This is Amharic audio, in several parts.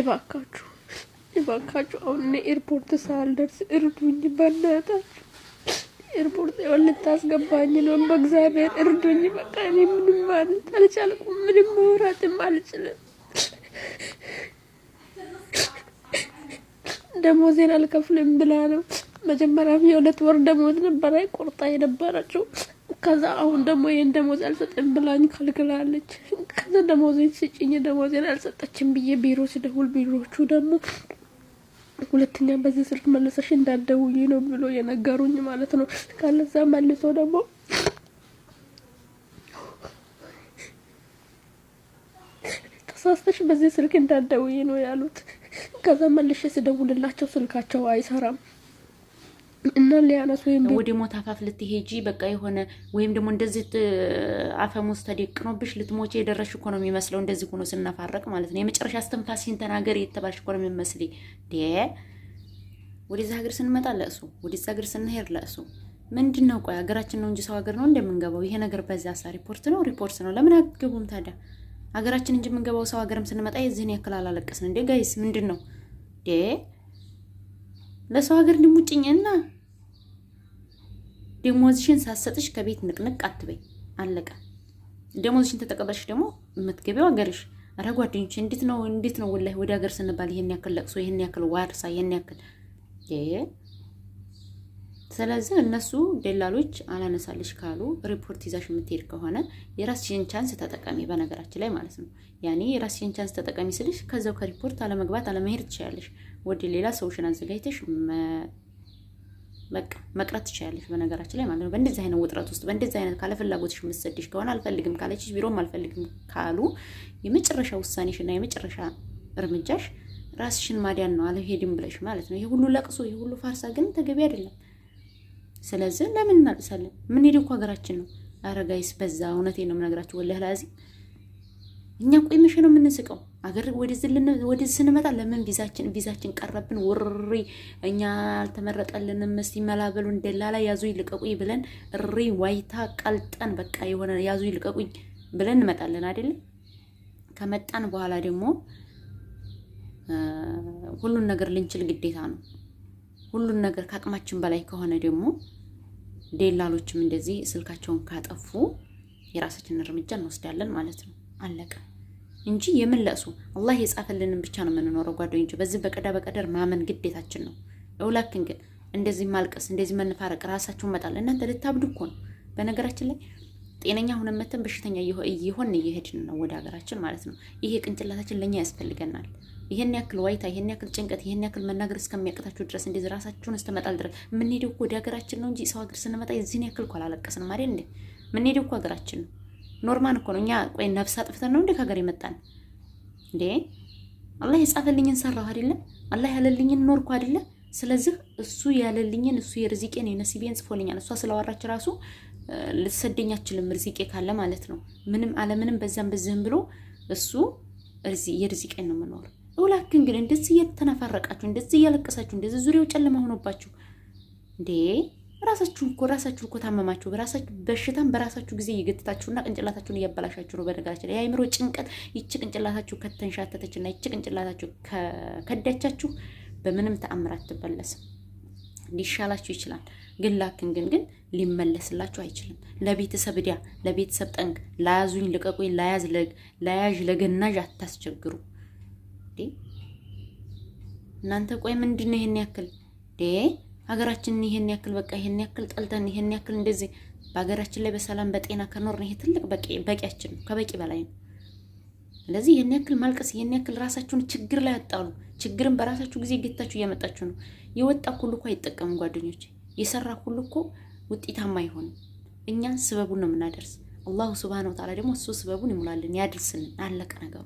እባካችሁ እባካችሁ አሁን እኔ ኤርፖርት ሳልደርስ እርዱኝ፣ በእናታችሁ ኤርፖርት ሆን ልታስገባኝ ነው። በእግዚአብሔር እርዱኝ። በቃ እኔ ምንም ማለት አልቻልኩም። ምንም መውራትም አልችልም። ደሞዜን አልከፍልም ብላ ነው መጀመሪያ የሁለት ወር ደሞዝ ነበረ ቆርጣ የነበረችው። ከዛ አሁን ደግሞ ይህን ደሞዝ አልሰጠኝ ብላኝ ከልክላለች። ከዛ ደሞዜን ስጭኝ ደሞዜን አልሰጠችም ብዬ ቢሮ ስደውል ቢሮዎቹ ደግሞ ሁለተኛ በዚህ ስልክ መለሰሽ እንዳትደውዪ ነው ብሎ የነገሩኝ ማለት ነው። ካለዛ መልሶ ደግሞ ተሳስተሽ በዚህ ስልክ እንዳትደውዪ ነው ያሉት። ከዛ መልሼ ስደውልላቸው ስልካቸው አይሰራም። እና ሊያናት ወይም ወደ ሞት አፋፍ ልትሄጂ በቃ የሆነ ወይም ደግሞ እንደዚህ አፈሙዝ ተደቅኖብሽ ልትሞቼ የደረሽ እኮ ነው የሚመስለው። እንደዚህ ሆኖ ስናፋረቅ ማለት ነው። የመጨረሻ አስተንፋሲን ተናገር የተባልሽ እኮ ነው የሚመስል። ወደዚ ሀገር ስንመጣ ለእሱ፣ ወደዚ ሀገር ስንሄድ ለእሱ ምንድን ነው? ቆይ ሀገራችን ነው እንጂ ሰው ሀገር ነው እንደምንገባው። ይሄ ነገር በዚያ ሳ ሪፖርት ነው ሪፖርት ነው። ለምን አገቡም ታዲያ? ሀገራችን እንጂ የምንገባው ሰው ሀገርም ስንመጣ የዚህን ያክል አላለቀስን እንዴ ጋይስ? ምንድን ነው ዴ ለሰው ሀገር ድሙጭኝ እና ደሞዝሽን ሳሰጥሽ ከቤት ንቅንቅ አትበይ። አለቀ። ደሞዝሽን ተጠቀበልሽ ደግሞ የምትገቢው ሀገርሽ። ኧረ ጓደኞች እንዴት ነው እንዴት ነው ወላሂ ወደ ሀገር ስንባል ይሄን ያክል ለቅሶ፣ ይሄን ያክል ዋርሳ፣ ይሄን ያክል ስለዚህ እነሱ ደላሎች አላነሳልሽ ካሉ ሪፖርት ይዛሽ የምትሄድ ከሆነ የራስሽን ቻንስ ተጠቀሚ። በነገራችን ላይ ማለት ነው ያኔ የራስሽን ቻንስ ተጠቀሚ ስልሽ ከዛው ከሪፖርት አለመግባት አለመሄድ ትችላለሽ። ወደ ሌላ ሰዎችን አዘጋጅተሽ መቅረት ትችላለሽ። በነገራችን ላይ ማለት ነው በእንደዚህ አይነት ውጥረት ውስጥ በእንደዚህ አይነት ካለ ፍላጎትሽ የምትሰድሽ ከሆነ አልፈልግም ካለችሽ ቢሮም አልፈልግም ካሉ የመጨረሻ ውሳኔሽ እና የመጨረሻ እርምጃሽ ራስሽን ማዳን ነው፣ አልሄድም ብለሽ ማለት ነው። ይሄ ሁሉ ለቅሶ፣ ይሄ ሁሉ ፋርሳ ግን ተገቢ አይደለም። ስለዚህ ለምን እናቅሳለን? የምንሄደው እኮ ሀገራችን ነው። አረጋይስ በዛ እውነቴ ነው የምነግራችሁ ወላሂ ላዚ እኛ ቆይ መቼ ነው የምንስቀው? አገር ወደ ስንመጣ ለምን ቪዛችን ቪዛችን ቀረብን? ውሪ እኛ አልተመረጠልንም። እስቲ መላበሉ እንደላላ ያዙ ይልቀቁኝ ብለን እሪ ዋይታ ቀልጠን በቃ የሆነ ያዙ ይልቀቁኝ ብለን እንመጣለን አይደለም። ከመጣን በኋላ ደግሞ ሁሉን ነገር ልንችል ግዴታ ነው። ሁሉን ነገር ከአቅማችን በላይ ከሆነ ደግሞ ደላሎችም እንደዚህ ስልካቸውን ካጠፉ የራሳችንን እርምጃ እንወስዳለን ማለት ነው። አለቀ። እንጂ የምለሱ አላህ የጻፈልንን ብቻ ነው የምንኖረው ጓደኞች። በዚህ በቀዳ በቀደር ማመን ግዴታችን ነው። እውላክን ግን እንደዚህ ማልቀስ፣ እንደዚህ መነፋረቅ ራሳችሁን መጣል እናንተ ልታብዱ እኮ ነው። በነገራችን ላይ ጤነኛ ሁነን መተን በሽተኛ እየሆን እየሄድን ነው ወደ ሀገራችን ማለት ነው። ይሄ ቅንጭላታችን ለእኛ ያስፈልገናል። ይሄን ያክል ዋይታ፣ ይሄን ያክል ጭንቀት፣ ይሄን ያክል መናገር እስከሚያቅታችሁ ድረስ እንደዚህ ራሳችሁን እስተመጣል ድረስ የምንሄደው እኮ ወደ ሀገራችን ነው እንጂ ሰው ሀገር ስንመጣ የዚህን ያክል እኮ አላለቀስንም አይደል እንዴ? የምንሄደው እኮ ሀገራችን ነው። ኖርማን እኮ ነው። እኛ ቆይ ነፍስ አጥፍተን ነው እንዴ ከሀገር የመጣን እንዴ? አላህ የጻፈልኝን ሰራሁ አይደለ? አላህ ያለልኝን ኖርኩ አይደለ? ስለዚህ እሱ ያለልኝን እሱ የርዚቄን የነሲቤን ጽፎልኛል። እሷ ስለዋራች ራሱ ልትሰደኝ ርዚቄ ካለ ማለት ነው። ምንም አለምንም በዛም በዚህም ብሎ እሱ የርዚቄን ነው የምኖር። እውላክን ግን እንደዚህ እየተነፋረቃችሁ እንደዚህ እያለቀሳችሁ እንደዚህ ዙሪያው ጨለማ ሆኖባችሁ እንዴ ራሳችሁ እኮ ራሳችሁ እኮ ታመማችሁ። በራሳችሁ በሽታም በራሳችሁ ጊዜ እየገጠታችሁና ቅንጭላታችሁን እያበላሻችሁ ነው። በነገራችን ላይ የአይምሮ ጭንቀት ይቺ ቅንጭላታችሁ ከተንሻተተችና ይቺ ቅንጭላታችሁ ከዳቻችሁ በምንም ተአምር አትበለስም። ሊሻላችሁ ይችላል፣ ግን ላክን ግን ግን ሊመለስላችሁ አይችልም። ለቤተሰብ እዳ፣ ለቤተሰብ ጠንቅ፣ ላያዙኝ ልቀቁኝ፣ ለያዝ ለያዥ ለገናዥ አታስቸግሩ። እናንተ ቆይ ምንድን ነው ይሄን ያክል ሀገራችንን ይሄን ያክል በቃ ይሄን ያክል ጠልተን ይሄን ያክል እንደዚህ በሀገራችን ላይ በሰላም በጤና ከኖርን ይሄ ትልቅ በቂያችን ነው፣ ከበቂ በላይ ነው። ስለዚህ ይሄን ያክል ማልቀስ ይሄን ያክል ራሳችሁን ችግር ላይ አጣሉ። ችግርን በራሳችሁ ጊዜ ጌታችሁ እያመጣችሁ ነው። የወጣ ሁሉ እኮ አይጠቀምም ጓደኞች፣ የሰራ ሁሉ እኮ ውጤታማ አይሆንም። እኛ ስበቡን ነው የምናደርስ። አላሁ ስብሃነ ወተዓላ ደግሞ እሱ ስበቡን ይሙላልን ያድርስልን። አለቀ ነገሩ።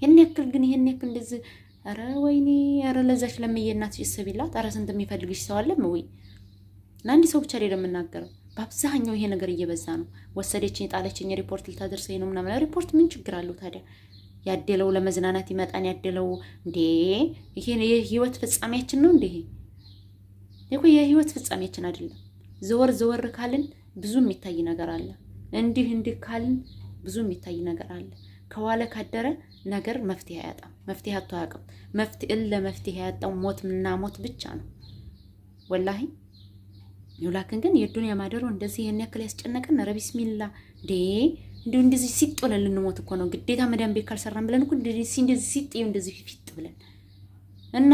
ይሄን ያክል ግን ይሄን ያክል እንደዚህ ኧረ ወይኔ ኧረ ለዛች ለምዬ እናትሽ ስቢላት ኧረ ስንት የሚፈልግሽ ሰው አለም ወይ ለአንድ ሰው ብቻ ሌለ የምናገረው በአብዛኛው ይሄ ነገር እየበዛ ነው ወሰደችኝ ጣለችኝ፣ ሪፖርት ልታደርሰኝ ነው ምናምን ሪፖርት ምን ችግር አለው ታዲያ ያደለው ለመዝናናት ይመጣን ያደለው እንዴ ይሄ የህይወት ፍጻሜያችን ነው እንዴ ይሄ የህይወት ፍጻሜያችን አይደለም ዘወር ዘወር ካልን ብዙ የሚታይ ነገር አለ እንዲህ እንዲህ ካልን ብዙ የሚታይ ነገር አለ ከዋለ ካደረ ነገር መፍትሄ አያጣም። መፍትሄ አቶ አያውቅም። መፍትሄን ለመፍትሄ ያጣው ሞትና ሞት ብቻ ነው ወላሂ ይውላክን ግን የዱንያ ማደሮ እንደዚህ ይሄን ያክል ያስጨነቀን። ኧረ ቢስሚላ ዴ እንዲሁ እንደዚህ ሲጥ ብለን ልንሞት እኮ ነው ግዴታ። መዳን ቤት ካልሰራን ብለን እኮ እንደዚህ ሲጥ እንደዚህ ፊጥ ብለን እና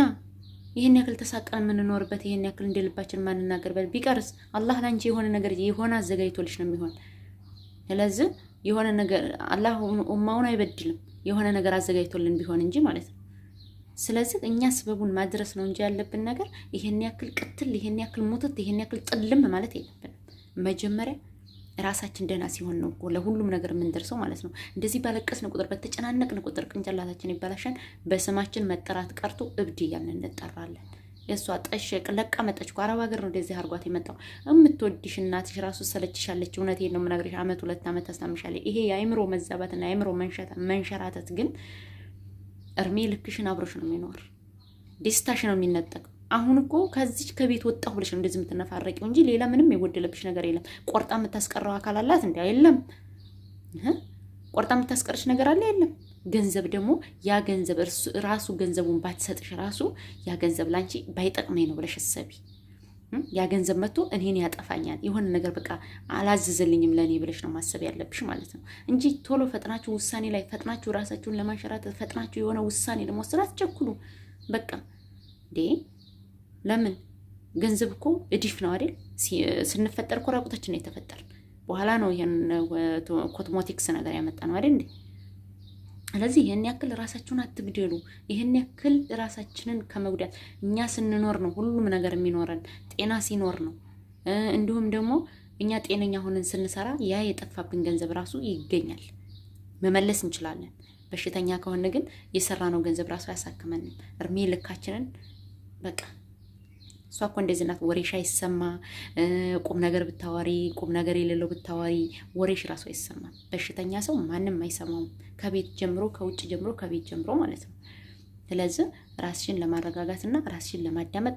ይሄን ያክል ተሳቀን የምንኖርበት ይሄን ያክል እንደልባችን ማንናገርበት ቢቀርስ አላህ ላንቺ የሆነ ነገር የሆነ አዘጋጅቶልሽ ነው የሚሆን። ስለዚህ የሆነ ነገር አላህ ኡማውን አይበድልም። የሆነ ነገር አዘጋጅቶልን ቢሆን እንጂ ማለት ነው። ስለዚህ እኛ ስበቡን ማድረስ ነው እንጂ ያለብን ነገር ይሄን ያክል ቅትል፣ ይሄን ያክል ሙትት፣ ይሄን ያክል ጥልም ማለት የለብንም። መጀመሪያ ራሳችን ደህና ሲሆን ነው ለሁሉም ነገር የምንደርሰው ማለት ነው። እንደዚህ ባለቀስን ቁጥር፣ በተጨናነቅን ቁጥር ቅንጭላታችን ይበላሻል። በስማችን መጠራት ቀርቶ እብድ እያልን እንጠራለን። የእሷ ጠሸቅ ለቀመጠች እኮ አረብ ሀገር ነው እንደዚህ አርጓት የመጣው። የምትወድሽ እናትሽ ራሱ ሰለችሻለች። እውነቴን ነው የምነግርሽ። አመት ሁለት አመት ታስታምሻለች። ይሄ የአእምሮ መዛባትና የአይምሮ መንሸራተት ግን እርሜ ልክሽን አብሮሽ ነው የሚኖር። ደስታሽ ነው የሚነጠቅ። አሁን እኮ ከዚች ከቤት ወጣሁ ብለሽ ነው እንደዚህ የምትነፋረቂው እንጂ ሌላ ምንም የጎደለብሽ ነገር የለም። ቆርጣ የምታስቀረው አካል አላት እንዲ የለም። ቆርጣ የምታስቀርሽ ነገር አለ የለም። ገንዘብ ደግሞ ያ ገንዘብ ራሱ ገንዘቡን ባትሰጥሽ ራሱ ያ ገንዘብ ላንቺ ባይጠቅመኝ ነው ብለሽ እሰቢ። ያ ገንዘብ መጥቶ እኔን ያጠፋኛል የሆነ ነገር በቃ አላዘዘልኝም ለእኔ ብለሽ ነው ማሰብ ያለብሽ ማለት ነው እንጂ ቶሎ ፈጥናችሁ ውሳኔ ላይ ፈጥናችሁ ራሳችሁን ለማንሸራተት ፈጥናችሁ የሆነ ውሳኔ ለመወሰን አትቸኩሉ። በቃ እንዴ ለምን ገንዘብ እኮ እድፍ ነው አይደል? ስንፈጠር እኮ ራቁታችን ነው የተፈጠር። በኋላ ነው ይሄን ኮትሞቲክስ ነገር ያመጣ ነው አይደል እንዴ? ስለዚህ ይህን ያክል ራሳችሁን አትግደሉ። ይህን ያክል ራሳችንን ከመጉዳት እኛ ስንኖር ነው ሁሉም ነገር የሚኖረን ጤና ሲኖር ነው። እንዲሁም ደግሞ እኛ ጤነኛ ሆነን ስንሰራ ያ የጠፋብን ገንዘብ ራሱ ይገኛል፣ መመለስ እንችላለን። በሽተኛ ከሆነ ግን የሰራነው ገንዘብ ራሱ አያሳክመንም። እድሜ ልካችንን በቃ እሷ እኮ እንደዚህ ናት። ወሬሽ አይሰማ ቁም ነገር ብታዋሪ ቁም ነገር የሌለው ብታዋሪ ወሬሽ ራሱ አይሰማም። በሽተኛ ሰው ማንም አይሰማውም። ከቤት ጀምሮ ከውጭ ጀምሮ ከቤት ጀምሮ ማለት ነው። ስለዚህ ራስሽን ለማረጋጋትና ራስሽን ለማዳመጥ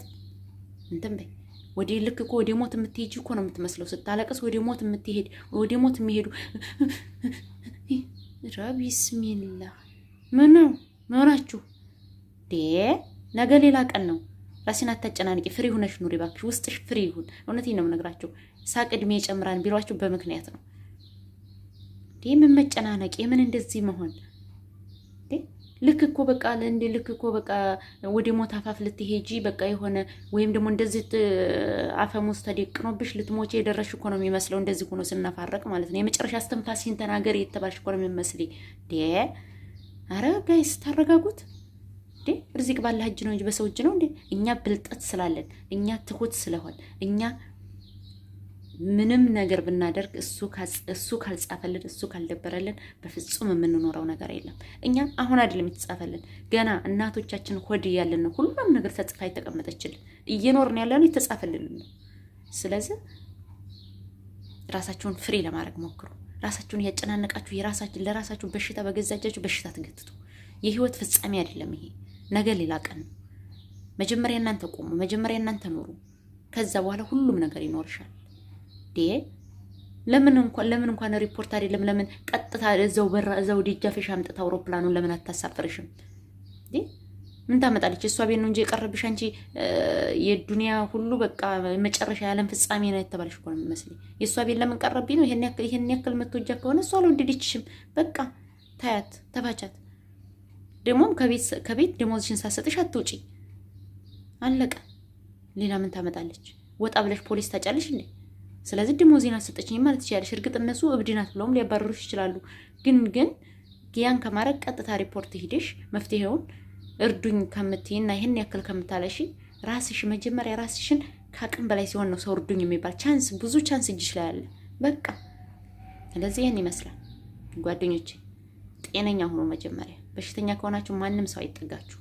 እንትን በይ። ወደ ልክ እኮ ወደ ሞት የምትሄጅ እኮ ነው የምትመስለው ስታለቅስ። ወደ ሞት የምትሄድ ወደ ሞት የሚሄዱ ረቢስሚላ ምነው መሆናችሁ ዴ ነገ ሌላ ቀን ነው። ራሴን አታጨናንቂ፣ ፍሪ ሁነሽ ኑሪ እባክሽ፣ ውስጥሽ ፍሪ ይሁን። እውነቴን ነው የምነግራቸው። ሳቅ እድሜ ይጨምራን ቢሏቸው በምክንያት ነው። የምን መጨናነቅ፣ የምን እንደዚህ መሆን። ልክ እኮ በቃ እንደ ልክ እኮ በቃ ወደ ሞት አፋፍ ልትሄጂ በቃ የሆነ ወይም ደግሞ እንደዚህ ውስጥ ተደቅኖብሽ ልትሞቼ የደረሽ እኮ ነው የሚመስለው። እንደዚህ ሆኖ ስናፋረቅ ማለት ነው። የመጨረሻ አስተንፋሲን ተናገር የተባልሽ እኮ ነው የሚመስል። ኧረ ጋይስ ታረጋጉት። ርዚቅ ባለ እጅ ነው እንጂ በሰው እጅ ነው እንዴ? እኛ ብልጠት ስላለን እኛ ትሁት ስለሆን እኛ ምንም ነገር ብናደርግ እሱ ካልጻፈልን እሱ ካልደበረልን በፍጹም የምንኖረው ነገር የለም። እኛ አሁን አይደለም የተጻፈልን፣ ገና እናቶቻችን ሆድ እያለን ነው ሁሉም ነገር ተጽፋ የተቀመጠችልን። እየኖርን ያለ የተጻፈልን ነው። ስለዚህ ራሳችሁን ፍሬ ለማድረግ ሞክሩ። ራሳችሁን እያጨናነቃችሁ የራሳችሁ ለራሳችሁ በሽታ በገዛጃችሁ በሽታ ትገትቱ። የህይወት ፍጻሜ አይደለም ይሄ። ነገ ሌላ ቀን ነው። መጀመሪያ እናንተ ቆሙ፣ መጀመሪያ እናንተ ኖሩ። ከዛ በኋላ ሁሉም ነገር ይኖርሻል። ለምን እንኳን ለምን እንኳን ሪፖርት አይደለም ለምን ቀጥታ እዛው በራ እዛው ደጃፍሽ አምጥታ አውሮፕላኑን ለምን አታሳፍርሽም? ምን ታመጣለች? እሷ ቤት ነው እንጂ የቀረብሽ አንቺ የዱንያ ሁሉ በቃ መጨረሻ የዓለም ፍጻሜ ነው የተባለሽ እኮ ነው የሚመስለኝ። የእሷ ቤት ለምን ቀረብኝ ነው። ይሄን ያክል መቶጃ ከሆነ እሷ አልወደደችሽም። በቃ ታያት፣ ተፋቻት። ደግሞም ከቤት ደሞዝሽን ሳሰጥሽ አትውጪ። አለቀ። ሌላ ምን ታመጣለች? ወጣ ብለሽ ፖሊስ ታጫለሽ እንዴ? ስለዚህ ደሞዜን አሰጠችኝ ማለት ትችላለሽ። እርግጥ እነሱ እብድ ናት ብለውም ሊያባረሩሽ ይችላሉ። ግን ግን ያን ከማድረግ ቀጥታ ሪፖርት ሂድሽ መፍትሄውን እርዱኝ ከምትይና ይህን ያክል ከምታለሽ ራስሽ መጀመሪያ ራስሽን ከአቅም በላይ ሲሆን ነው ሰው እርዱኝ የሚባል ቻንስ፣ ብዙ ቻንስ እጅሽ ላይ አለ። በቃ ስለዚህ ይህን ይመስላል ጓደኞቼ፣ ጤነኛ ሆኖ መጀመሪያ በሽተኛ ከሆናችሁ ማንም ሰው አይጠጋችሁ።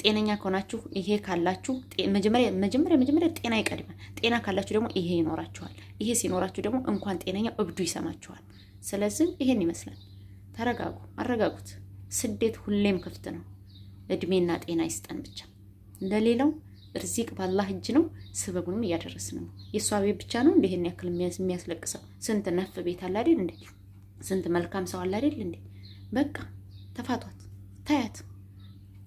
ጤነኛ ከሆናችሁ ይሄ ካላችሁ መጀመሪያ መጀመሪያ መጀመሪያ ጤና ይቀድማል። ጤና ካላችሁ ደግሞ ይሄ ይኖራችኋል። ይሄ ሲኖራችሁ ደግሞ እንኳን ጤነኛው እብዱ ይሰማችኋል። ስለዚህ ይሄን ይመስላል። ተረጋጉ፣ አረጋጉት። ስደት ሁሌም ክፍት ነው። እድሜና ጤና ይስጠን ብቻ። ለሌላው ርዚቅ ባላህ እጅ ነው። ስበቡንም እያደረስን ነው። የእሷ ቤት ብቻ ነው እንደ ይሄን ያክል የሚያስለቅሰው። ስንት ነፍ ቤት አለ አይደል እንዴ? ስንት መልካም ሰው አለ አይደል እንዴ? በቃ ተፋቷት፣ ታያት።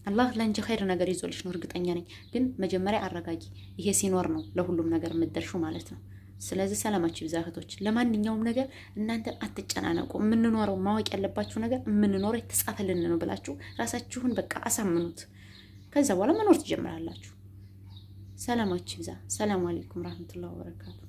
አላህ ለአንቺ ኸይር ነገር ይዞልሽ ነው እርግጠኛ ነኝ። ግን መጀመሪያ አረጋጊ። ይሄ ሲኖር ነው ለሁሉም ነገር የምትደርሺው ማለት ነው። ስለዚህ ሰላማችሁ ይብዛ እህቶች። ለማንኛውም ነገር እናንተ አትጨናነቁ። የምንኖረው ማወቅ ያለባችሁ ነገር የምንኖረው የተጻፈልን ነው ብላችሁ ራሳችሁን በቃ አሳምኑት። ከዛ በኋላ መኖር ትጀምራላችሁ። ሰላማችሁ ይብዛ። ሰላም አለይኩም ረህመቱላህ ወበረካቱ